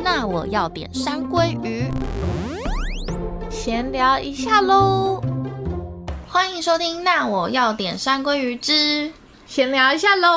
那我要點山鮭魚，閒聊一下嘍。歡迎收聽《那我要點山鮭魚之閒聊一下嘍》。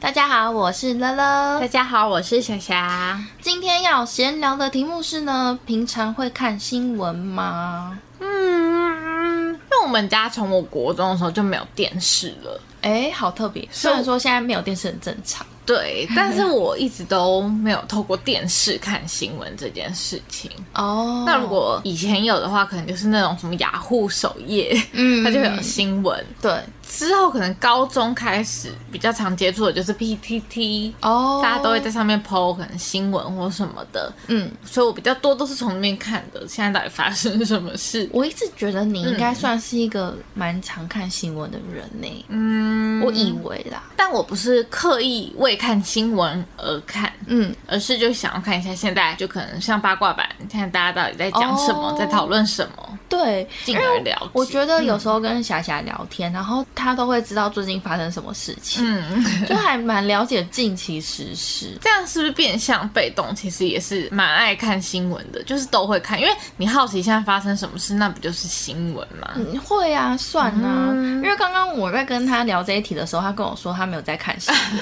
大家好，我是樂樂。大家好，我是小霞。今天要閒聊的題目是呢，平常會看新聞嗎？嗯，因為我們家從我國中的時候就沒有電視了。哎、欸，好特別。雖然說現在沒有電視很正常。對，但是我一直都沒有透過電視看新聞這件事情哦。Oh. 那如果以前有的話，可能就是那種什麼雅虎、ah、首頁，嗯，mm. 它就會有新聞，對。之後可能高中開始比較常接觸的就是 P T T，oh. 大家都會在上面 po 可能新聞或什麼的，嗯，所以我比較多都是從那邊看的，現在到底發生什麼事？我一直覺得你應該算是一個蠻常看新聞的人呢、欸，嗯，我以為啦，但我不是刻意為看新聞而看，嗯，而是就想要看一下現在就可能像八卦版，看大家到底在講什麼，oh. 在討論什麼。對，因聊。我覺得有時候跟霞霞聊天，嗯、然後他都會知道最近發生什麼事情，嗯， 就還蠻了解近期時事。這樣是不是變相被動？其實也是蠻愛看新聞的，就是都會看，因為你好奇現在發生什麼事，那不就是新聞嗎？嗯。會啊，算啊。嗯、因為剛剛我在跟他聊這一題的時候，他跟我說他沒有在看新聞，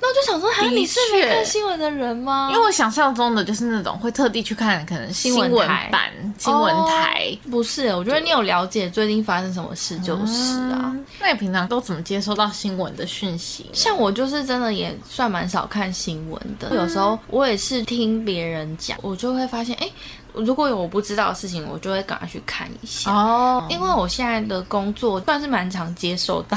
那我就想說，確啊、你是沒看新聞的人嗎？因為我想象中的就是那種會特地去看，可能新聞版、新聞台不是，我覺得你有了解最近發生什麼事，就是啊。嗯、那你平常都怎麼接收到新聞的訊息？像我就是真的也算蠻少看新聞的，嗯、有時候我也是聽別人講，我就會發現，哎。如果有我不知道的事情，我就會趕快去看一下哦。Oh, 因為我現在的工作算、嗯、是蠻常接受到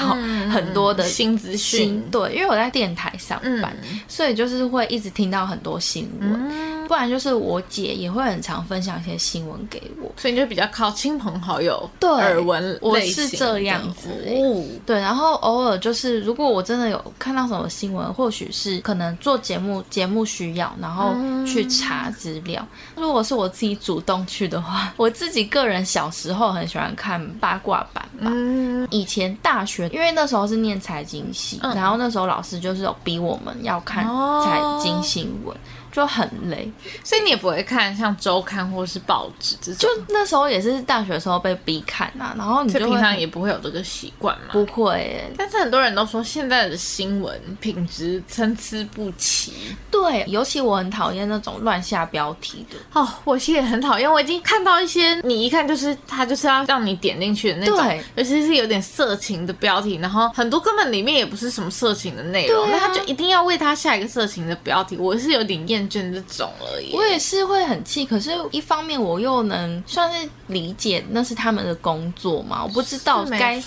很多的、嗯、新資訊，對，因為我在電台上班，嗯、所以就是會一直聽到很多新聞。嗯、不然就是我姐也會很常分享一些新聞給我，所以你就比較靠親朋好友耳聞。對，我是這樣子哦，嗯、對，然後偶爾就是如果我真的有看到什麼新聞，或許是可能做節目節目需要，然後去查資料。嗯、如果是我自己。你主動去的話，我自己個人小時候很喜歡看八卦版吧。嗯，以前大學，因為那時候是念財經系，嗯、然後那時候老師就是有逼我們要看財經新聞。哦就很累，所以你也不會看像週刊或是報紙這種。就那時候也是大學的時候被逼看嘛、啊、然後你就平常也不會有這個習慣嘛。不會，但是很多人都說現在的新聞品質參差不齊。對，尤其我很討厭那種亂下標題的。哦，我其實也很討厭。我已經看到一些你一看就是他就是要讓你點進去的那種，對尤其是有點色情的標題，然後很多根本裡面也不是什麼色情的內容，那、啊、他就一定要為他下一個色情的標題，我是有點厭。這種而已，我也是會很氣，可是一方面我又能算是理解，那是他們的工作嘛，我不知道該，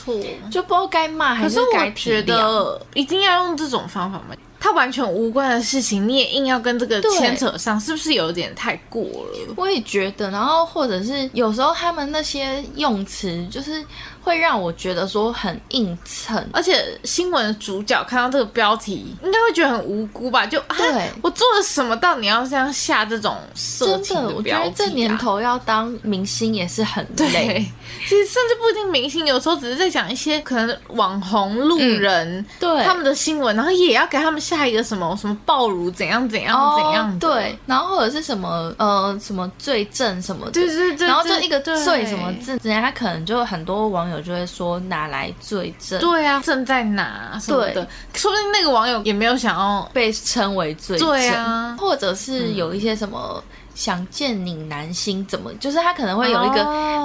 就不知道該罵可是 還是該體諒，一定要用這種方法嗎？他完全無關的事情，你也硬要跟這個牽扯上，對是不是有點太過了？我也覺得，然後或者是有時候他們那些用詞，就是會讓我覺得說很硬撐，而且新聞的主角看到這個標題，應該會覺得很無辜吧？就對啊，我做了什麼，到你要這樣下這種色情的標題，啊、真的我覺得這年頭要當明星也是很累。對，其實甚至不一定明星，有時候只是在講一些可能網紅、路人對、嗯、他們的新聞，然後也要給他們。下一個什麼什麼暴露怎樣怎樣怎樣的？Oh, 對，然後或者是什麼呃、什麼罪證什麼的？對對對。然後就一個對對罪什麼證，人家可能就很多網友就會說哪來罪證？對啊，證在哪？對的，說對不定那個網友也沒有想要被稱為罪證，對啊，或者是有一些什麼。嗯想見你男星怎麼？就是他可能會有一個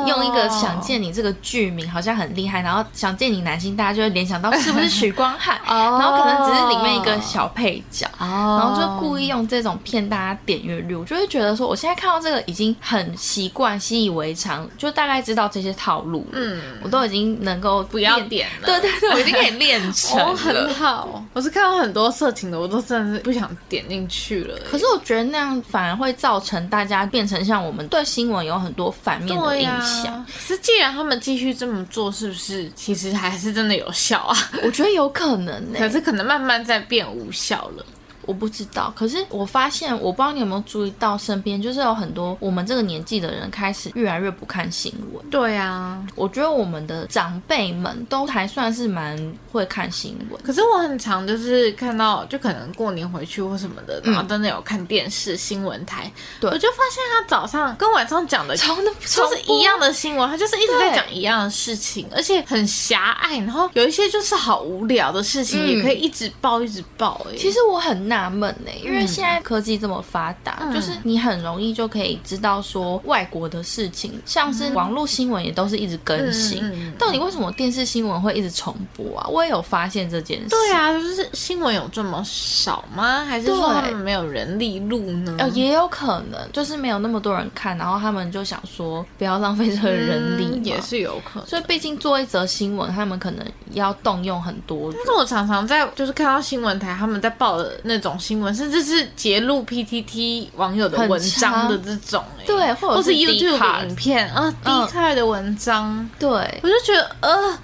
用一個“想見你”這個劇名，好像很厲害。然後“想見你”男星，大家就會聯想到是不是許光漢？然後可能只是裡面一個小配角。然後就故意用這種騙大家點閱率。我就會覺得說，我現在看到這個已經很習慣、習以為常，就大概知道這些套路。嗯，我都已經能夠不要點了。對對對，對，我已經可以練成。很好。我是看到很多色情的，我都真的是不想點進去了。可是我覺得那樣反而會造成。大家變成像我們對新聞有很多反面的印象。啊、可是，既然他們繼續這麼做，是不是其實還是真的有效啊？ 我覺得有可能、欸，可是可能慢慢在變無效了。我不知道，可是我發現，我不知道你有沒有注意到身、身邊就是有很多我們這個年紀的人開始越來越不看新聞。對啊，我覺得我們的長輩們都還算是蠻會看新聞。可是我很常就是看到，就可能過年回去或什麼的，然後真的有看電視新聞台。嗯、對，我就發現他早上跟晚上講的超的、超是一樣的新聞，他就是一直在講一樣的事情，對而且很狹隘。然後有一些就是好無聊的事情、嗯、也可以一直報，一直報。哎，其實我很難。納悶呢，因為現在科技這麼發達，嗯、就是你很容易就可以知道說外國的事情，像是網絡新聞也都是一直更新。到底、嗯嗯嗯、為什麼電視新聞會一直重播啊？我也有發現這件事。對啊，就是新聞有這麼少嗎？還是說他們沒有人力錄呢？哦、呃，也有可能，就是沒有那麼多人看，然後他們就想說不要浪費這個人力、嗯，也是有可能。所以畢竟做一則新聞，他們可能要動用很多。就是我常常在就是看到新聞台他們在報的那種。種新聞，甚至是揭露 PTT 網友的文章的這種、欸，差對，或者是 YouTube 的影片啊，D 卡、啊、的文章，對我就覺得，呃、啊。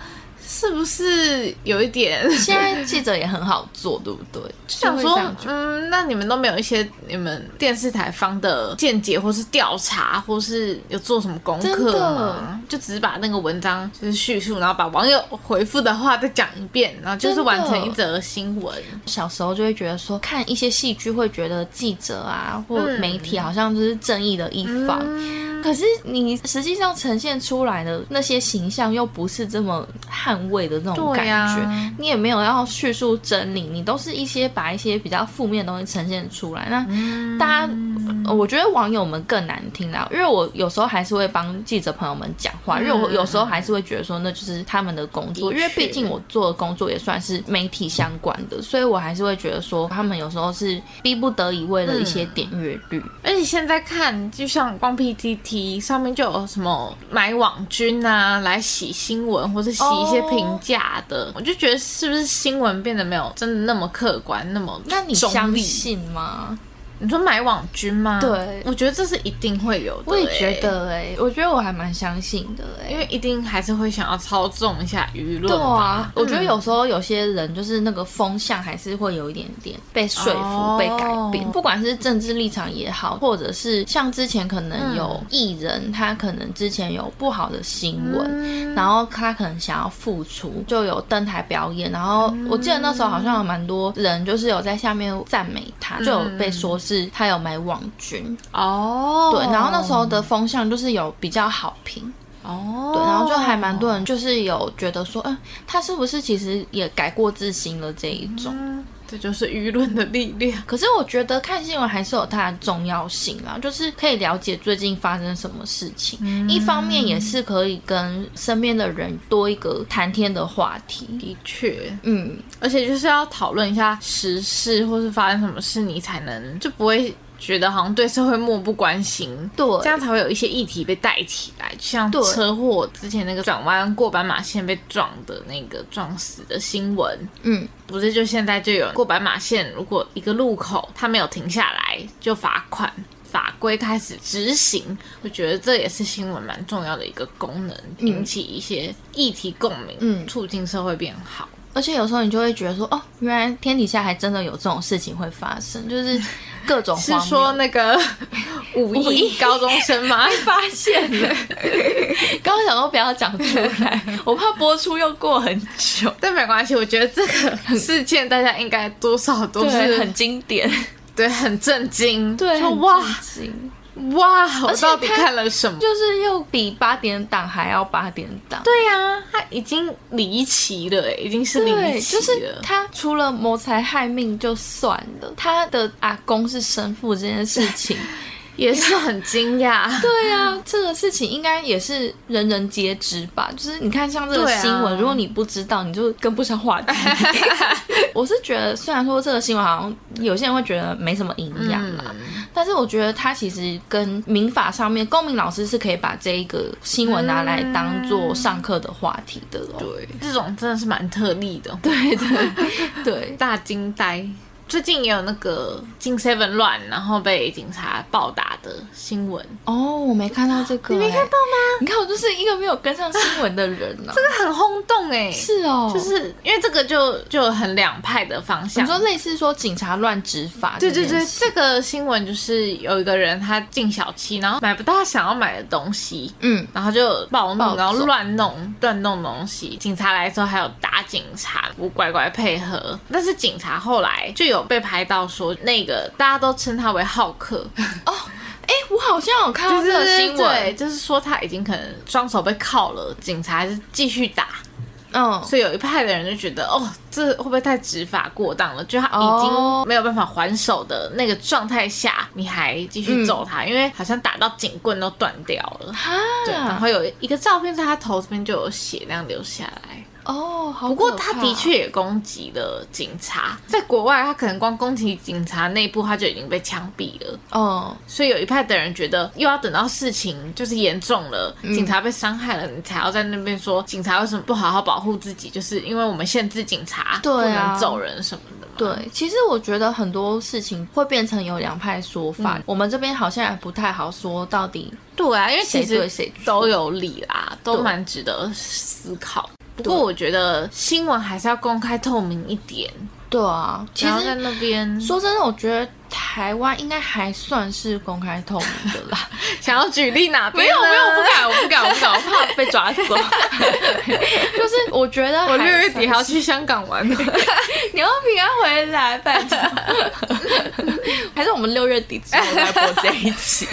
是不是有一點？現在記者也很好做， 對不對？就想說，是嗯，那你們都沒有一些你們電視台方的見解，或是調查，或是有做什麼功課嗎？的就只是把那個文章就是敘述，然後把網友回復的話再講一遍，然後就是完成一則新聞。的小時候就會覺得說，看一些戲劇會覺得記者啊或媒體好像就是正義的一方。嗯嗯可是你實際上呈現出來的那些形象又不是這麼捍衛的那種感覺，啊、你也沒有要敘述真理，你都是一些把一些比較負面的東西呈現出來。那大家，嗯、我覺得網友們更難聽了，因為我有時候還是會幫記者朋友們講話，因為我有時候還是會覺得說，那就是他們的工作，嗯、因為畢竟我做的工作也算是媒體相關的，所以我還是會覺得說，他們有時候是逼不得已為了一些點閱率，嗯。而且現在看，就像光 PTT。上面就有什麼買網軍啊，來洗新聞或者洗一些評價的，Oh. 我就覺得是不是新聞變得沒有真的那麼客觀，那麼中立。那你相信嗎？你說買網軍嗎？對，我覺得這是一定會有的、欸。的。我也覺得哎、欸，我覺得我還蠻相信的哎、欸，因為一定還是會想要操縱一下輿論。對啊，嗯、我覺得有時候有些人就是那個風向還是會有一點點被說服、哦、被改變，不管是政治立場也好，或者是像之前可能有藝人，嗯、他可能之前有不好的新聞，嗯、然後他可能想要復出，就有登台表演。然後我記得那時候好像有蠻多人就是有在下面讚美他，嗯、就有被說是。他有買網軍哦，oh. 對，然後那時候的風向就是有比較好評哦，oh. 對，然後就還蠻多人就是有覺得說，哎，oh. 欸，他是不是其實也改過自新了這一種？嗯這就是輿論的力量。可是我覺得看新聞還是有它的重要性啦，就是可以了解最近發生什麼事情，嗯、一方面也是可以跟身邊的人多一個談天的話題。的確，嗯，而且就是要討論一下時事或是發生什麼事，你才能就不會。覺得好像對社會漠不關心，對，這樣才會有一些議題被帶起來，像車禍之前那個轉彎過斑馬線被撞的那個撞死的新聞，嗯，不是就現在就有過斑馬線，如果一個路口他沒有停下來就罰款，法規開始執行，我覺得這也是新聞蠻重要的一個功能，引起一些議題共鳴，嗯，促進社會變好。而且有時候你就會覺得說，哦，原來天底下還真的有這種事情會發生，就是各種是說那個五億高中生嗎？發現了，剛 想說不要講出 來，我怕播出又過很久。但 沒關係，我覺得這個事件大家應該多少都是很經典，對，對，很震驚，對，很震驚。哇哇！我到底看了什麼？就是又比八點檔還要八點檔。對呀，啊，他已經離奇了，欸，已經是離奇了。就是，他除了謀財害命就算了，他的阿公是生父這件事情。 也是很驚訝，對呀、啊，這個事情應該也是人人皆知吧？就是你看像這個新聞，啊、如果你不知道，你就跟不上話題。 我是覺得，雖然說這個新聞好像有些人會覺得沒什麼營養啦，嗯、但是我覺得它其實跟民法上面，公民老師是可以把這一個新聞拿來當做上課的話題的、哦嗯。對，這種真的是蠻特例的。對對對，對大驚呆。最近也有那個精神紊亂，然後被警察暴打的新聞哦，oh, 我沒看到這個、欸，你沒看到嗎？你看，我就是一個沒有跟上新聞的人呢、喔。 這個很轟動哎、欸，是哦、喔，就是因為這個就就很兩派的方向，你說類似說警察亂執法，對對對，這個新聞就是有一個人他進小七，然後買不到他想要買的東西，嗯，然後就暴怒，暴走然後亂弄亂弄東西，警察來的時候還有打警察不乖乖配合，但是警察後來就有被拍到說那個大家都稱他為“浩克”哦。Oh. 哎、欸，我好像有看到這個新聞、就是，就是說他已經可能雙手被銬了，警察還是繼續打，嗯，所以有一派的人就覺得，哦，這會不會太執法過當了？就他已經沒有辦法還手的那個狀態下，你還繼續揍他，嗯、因為好像打到警棍都斷掉了，啊、對，然後有一個照片在他頭這邊就有血那樣流下來。哦，oh, 好。不過他的確也攻擊了警察，在國外他可能光攻擊警察內部他就已經被槍斃了。哦，oh. 所以有一派的人覺得又要等到事情就是嚴重了，嗯、警察被傷害了，你才要在那邊說警察為什麼不好好保護自己，就是因為我們限制警察對、啊、不能揍人什麼的。對，其實我覺得很多事情會變成有兩派說法，嗯、我們這邊好像也不太好說到底誰對誰。對啊，因為其實都有理啦，都蠻值得思考。不過我覺得新聞還是要公開透明一點。對啊，其實在那邊說真的，我覺得。台灣應該還算是公開透明的啦。 想要舉例哪？沒有沒有，我不敢，我不敢，我不敢，我怕被抓走。 就是我覺得我六月底還要去香港玩，呢。 你要，不要平安回來唄。拜 還是我們六月底再播這一期。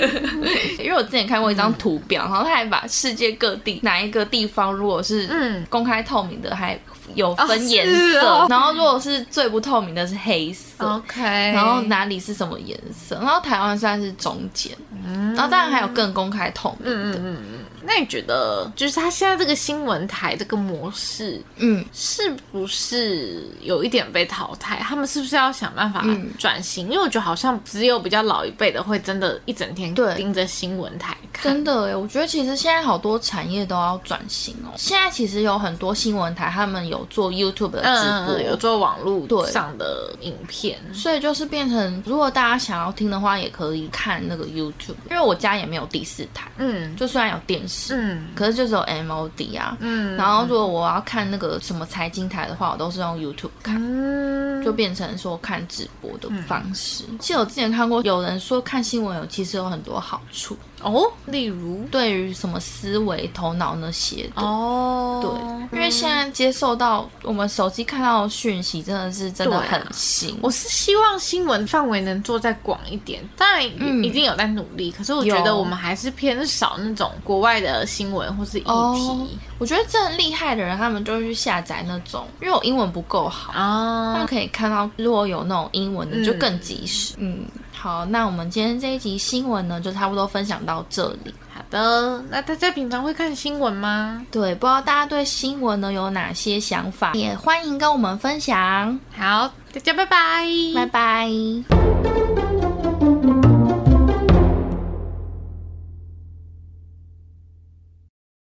因為我之前看過一張圖表，然後他還把世界各地、嗯、哪一個地方如果是嗯公開透明的、嗯、還。有分顏色，哦哦、然後如果是最不透明的是黑色，OK，、嗯、然後哪裡是什麼顏色，然後台灣算是中間，嗯、然後當然還有更公開透明的。嗯嗯嗯那你覺得，就是他現在這個新聞台這個模式，嗯，是不是有一點被淘汰？他們是不是要想辦法轉型？嗯、因為我覺得好像只有比較老一輩的會真的一整天盯着新聞台看。真的哎，我覺得其實現在好多產業都要轉型哦。現在其實有很多新聞台，他們有做 YouTube 的直播、嗯，有做網絡上的影片，所以就是變成如果大家想要聽的話，也可以看那個 YouTube。因為我家也沒有第四台，嗯，就雖然有電視。嗯，可是就只有 MOD 啊，嗯，然後如果我要看那個什麼財經台的話，我都是用 YouTube 看，嗯、就變成說看直播的方式。嗯、其實我之前看過有人說看新聞有其實有很多好處哦，例如對於什麼思維頭腦那些。哦，對，嗯、因為現在接受到我們手機看到的訊息真的是真的很新、啊。我是希望新聞範圍能做再廣一點，當然、嗯、一定有在努力，可是我覺得我們還是偏少那種國外，的新聞或是議題，我覺得這很厲害的人，他們就會去下載那種，因為我英文不夠好啊，oh. 他們可以看到如果有那種英文的就更及時。嗯，嗯，好，那我們今天這一集新聞呢，就差不多分享到這裡。好的，那大家平常會看新聞嗎？對，不知道大家對新聞呢有哪些想法，也歡迎跟我們分享。好，大家拜拜，拜拜。